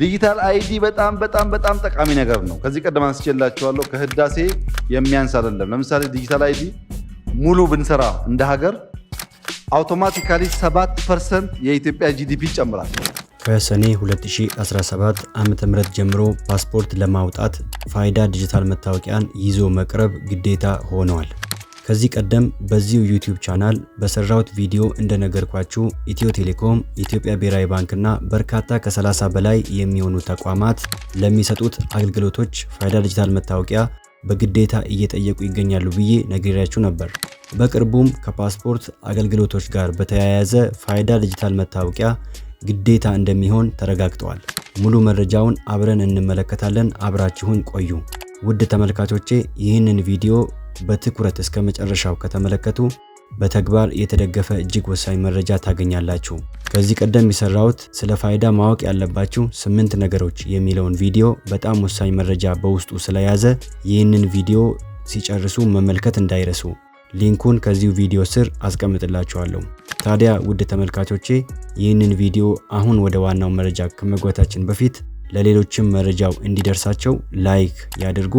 ዲጂታል አይዲ በጣም በጣም በጣም ጠቃሚ ነገር ነው። ከዚህ ቀደም አንስቼላችኋለሁ። ከህዳሴ የሚያንስ አይደለም። ለምሳሌ ዲጂታል አይዲ ሙሉ ብንሰራ እንደ ሀገር አውቶማቲካሊ 7 ፐርሰንት የኢትዮጵያ ጂዲፒ ይጨምራል። ከሰኔ 2017 ዓ.ም ጀምሮ ፓስፖርት ለማውጣት ፋይዳ ዲጂታል መታወቂያን ይዞ መቅረብ ግዴታ ሆነዋል። ከዚህ ቀደም በዚሁ ዩቲዩብ ቻናል በሰራሁት ቪዲዮ እንደነገርኳችሁ ኢትዮ ቴሌኮም፣ ኢትዮጵያ ብሔራዊ ባንክና በርካታ ከ30 በላይ የሚሆኑ ተቋማት ለሚሰጡት አገልግሎቶች ፋይዳ ዲጂታል መታወቂያ በግዴታ እየጠየቁ ይገኛሉ ብዬ ነግሬያችሁ ነበር። በቅርቡም ከፓስፖርት አገልግሎቶች ጋር በተያያዘ ፋይዳ ዲጂታል መታወቂያ ግዴታ እንደሚሆን ተረጋግጠዋል። ሙሉ መረጃውን አብረን እንመለከታለን። አብራችሁን ቆዩ። ውድ ተመልካቾቼ ይህንን ቪዲዮ በትኩረት እስከ መጨረሻው ከተመለከቱ በተግባር የተደገፈ እጅግ ወሳኝ መረጃ ታገኛላችሁ። ከዚህ ቀደም የሰራሁት ስለ ፋይዳ ማወቅ ያለባችሁ ስምንት ነገሮች የሚለውን ቪዲዮ በጣም ወሳኝ መረጃ በውስጡ ስለያዘ ይህንን ቪዲዮ ሲጨርሱ መመልከት እንዳይረሱ። ሊንኩን ከዚሁ ቪዲዮ ስር አስቀምጥላችኋለሁ። ታዲያ ውድ ተመልካቾቼ ይህንን ቪዲዮ አሁን ወደ ዋናው መረጃ ከመግባታችን በፊት ለሌሎችም መረጃው እንዲደርሳቸው ላይክ ያድርጉ።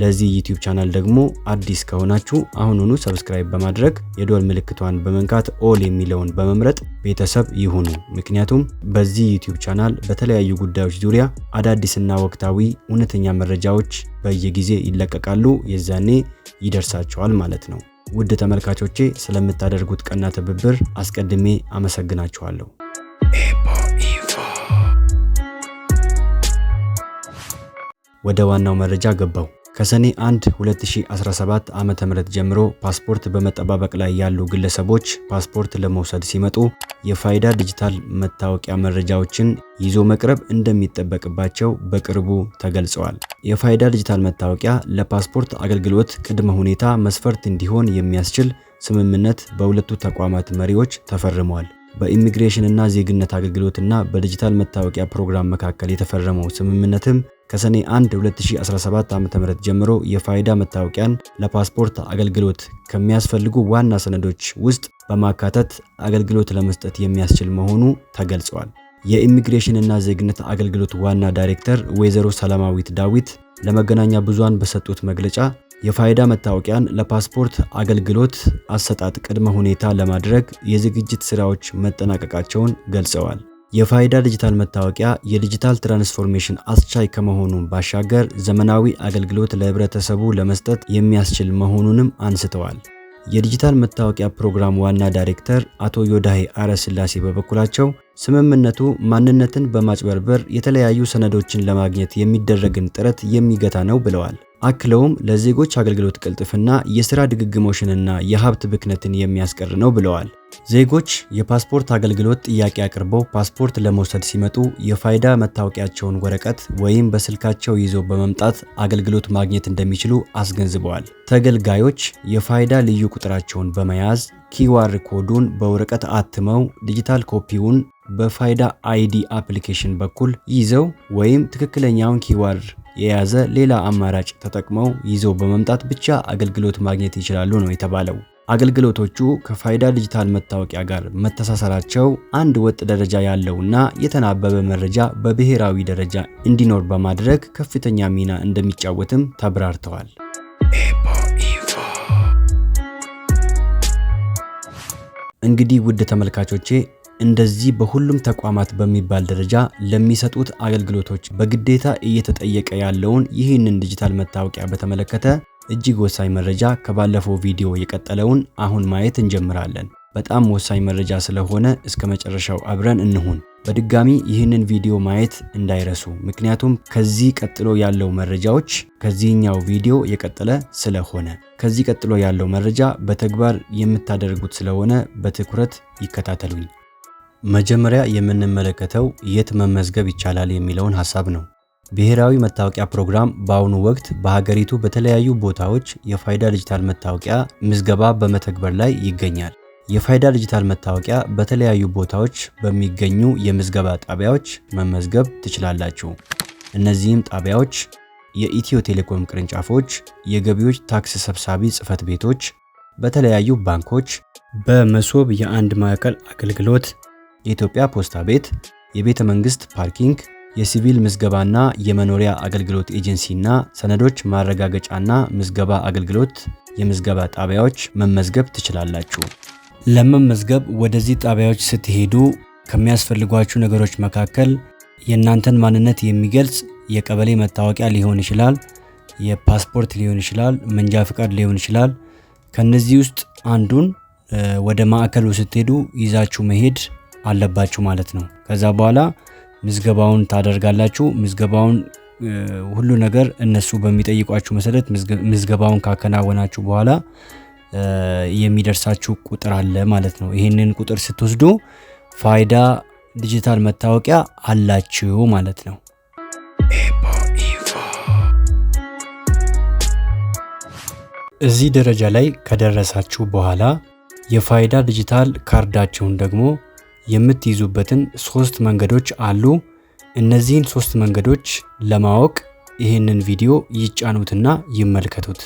ለዚህ ዩቲዩብ ቻናል ደግሞ አዲስ ከሆናችሁ አሁኑኑ ሰብስክራይብ በማድረግ የዶል ምልክቷን በመንካት ኦል የሚለውን በመምረጥ ቤተሰብ ይሁኑ። ምክንያቱም በዚህ ዩቲዩብ ቻናል በተለያዩ ጉዳዮች ዙሪያ አዳዲስና ወቅታዊ እውነተኛ መረጃዎች በየጊዜ ይለቀቃሉ። የዛኔ ይደርሳቸዋል ማለት ነው። ውድ ተመልካቾቼ ስለምታደርጉት ቀና ትብብር አስቀድሜ አመሰግናችኋለሁ። ወደ ዋናው መረጃ ገባው። ከሰኔ 1 2017 ዓ.ም ጀምሮ ፓስፖርት በመጠባበቅ ላይ ያሉ ግለሰቦች ፓስፖርት ለመውሰድ ሲመጡ የፋይዳ ዲጂታል መታወቂያ መረጃዎችን ይዞ መቅረብ እንደሚጠበቅባቸው በቅርቡ ተገልጸዋል። የፋይዳ ዲጂታል መታወቂያ ለፓስፖርት አገልግሎት ቅድመ ሁኔታ መስፈርት እንዲሆን የሚያስችል ስምምነት በሁለቱ ተቋማት መሪዎች ተፈርመዋል። በኢሚግሬሽንና ዜግነት አገልግሎትና በዲጂታል መታወቂያ ፕሮግራም መካከል የተፈረመው ስምምነትም ከሰኔ 1 2017 ዓ.ም ጀምሮ የፋይዳ መታወቂያን ለፓስፖርት አገልግሎት ከሚያስፈልጉ ዋና ሰነዶች ውስጥ በማካተት አገልግሎት ለመስጠት የሚያስችል መሆኑ ተገልጿል። የኢሚግሬሽን እና ዜግነት አገልግሎት ዋና ዳይሬክተር ወይዘሮ ሰላማዊት ዳዊት ለመገናኛ ብዙሃን በሰጡት መግለጫ የፋይዳ መታወቂያን ለፓስፖርት አገልግሎት አሰጣጥ ቅድመ ሁኔታ ለማድረግ የዝግጅት ስራዎች መጠናቀቃቸውን ገልጸዋል። የፋይዳ ዲጂታል መታወቂያ የዲጂታል ትራንስፎርሜሽን አስቻይ ከመሆኑን ባሻገር ዘመናዊ አገልግሎት ለህብረተሰቡ ለመስጠት የሚያስችል መሆኑንም አንስተዋል። የዲጂታል መታወቂያ ፕሮግራም ዋና ዳይሬክተር አቶ ዮዳሄ አረ ስላሴ በበኩላቸው ስምምነቱ ማንነትን በማጭበርበር የተለያዩ ሰነዶችን ለማግኘት የሚደረግን ጥረት የሚገታ ነው ብለዋል። አክለውም ለዜጎች አገልግሎት ቅልጥፍና የስራ ድግግሞሽንና የሀብት ብክነትን የሚያስቀር ነው ብለዋል። ዜጎች የፓስፖርት አገልግሎት ጥያቄ አቅርበው ፓስፖርት ለመውሰድ ሲመጡ የፋይዳ መታወቂያቸውን ወረቀት ወይም በስልካቸው ይዘው በመምጣት አገልግሎት ማግኘት እንደሚችሉ አስገንዝበዋል። ተገልጋዮች የፋይዳ ልዩ ቁጥራቸውን በመያዝ ኪዋር ኮዱን በወረቀት አትመው ዲጂታል ኮፒውን በፋይዳ አይዲ አፕሊኬሽን በኩል ይዘው ወይም ትክክለኛውን ኪዋር የያዘ ሌላ አማራጭ ተጠቅመው ይዘው በመምጣት ብቻ አገልግሎት ማግኘት ይችላሉ ነው የተባለው። አገልግሎቶቹ ከፋይዳ ዲጂታል መታወቂያ ጋር መተሳሰራቸው አንድ ወጥ ደረጃ ያለውና የተናበበ መረጃ በብሔራዊ ደረጃ እንዲኖር በማድረግ ከፍተኛ ሚና እንደሚጫወትም ተብራርተዋል። እንግዲህ ውድ ተመልካቾቼ እንደዚህ በሁሉም ተቋማት በሚባል ደረጃ ለሚሰጡት አገልግሎቶች በግዴታ እየተጠየቀ ያለውን ይህንን ዲጂታል መታወቂያ በተመለከተ እጅግ ወሳኝ መረጃ ከባለፈው ቪዲዮ የቀጠለውን አሁን ማየት እንጀምራለን። በጣም ወሳኝ መረጃ ስለሆነ እስከ መጨረሻው አብረን እንሁን። በድጋሚ ይህንን ቪዲዮ ማየት እንዳይረሱ፣ ምክንያቱም ከዚህ ቀጥሎ ያለው መረጃዎች ከዚህኛው ቪዲዮ የቀጠለ ስለሆነ ከዚህ ቀጥሎ ያለው መረጃ በተግባር የምታደርጉት ስለሆነ በትኩረት ይከታተሉኝ። መጀመሪያ የምንመለከተው የት መመዝገብ ይቻላል የሚለውን ሀሳብ ነው። ብሔራዊ መታወቂያ ፕሮግራም በአሁኑ ወቅት በሀገሪቱ በተለያዩ ቦታዎች የፋይዳ ዲጂታል መታወቂያ ምዝገባ በመተግበር ላይ ይገኛል። የፋይዳ ዲጂታል መታወቂያ በተለያዩ ቦታዎች በሚገኙ የምዝገባ ጣቢያዎች መመዝገብ ትችላላችሁ። እነዚህም ጣቢያዎች የኢትዮ ቴሌኮም ቅርንጫፎች፣ የገቢዎች ታክስ ሰብሳቢ ጽህፈት ቤቶች፣ በተለያዩ ባንኮች፣ በመሶብ የአንድ ማዕከል አገልግሎት የኢትዮጵያ ፖስታ ቤት፣ የቤተ መንግስት ፓርኪንግ፣ የሲቪል ምዝገባና የመኖሪያ አገልግሎት ኤጀንሲና ሰነዶች ማረጋገጫና ምዝገባ አገልግሎት የምዝገባ ጣቢያዎች መመዝገብ ትችላላችሁ። ለመመዝገብ ወደዚህ ጣቢያዎች ስትሄዱ ከሚያስፈልጓችሁ ነገሮች መካከል የእናንተን ማንነት የሚገልጽ የቀበሌ መታወቂያ ሊሆን ይችላል፣ የፓስፖርት ሊሆን ይችላል፣ መንጃ ፍቃድ ሊሆን ይችላል። ከነዚህ ውስጥ አንዱን ወደ ማዕከሉ ስትሄዱ ይዛችሁ መሄድ አለባችሁ ማለት ነው። ከዛ በኋላ ምዝገባውን ታደርጋላችሁ። ምዝገባውን ሁሉ ነገር እነሱ በሚጠይቋችሁ መሰረት ምዝገባውን ካከናወናችሁ በኋላ የሚደርሳችሁ ቁጥር አለ ማለት ነው። ይህንን ቁጥር ስትወስዱ ፋይዳ ዲጂታል መታወቂያ አላችሁ ማለት ነው። እዚህ ደረጃ ላይ ከደረሳችሁ በኋላ የፋይዳ ዲጂታል ካርዳችሁን ደግሞ የምትይዙበትን ሶስት መንገዶች አሉ። እነዚህን ሶስት መንገዶች ለማወቅ ይህንን ቪዲዮ ይጫኑትና ይመልከቱት።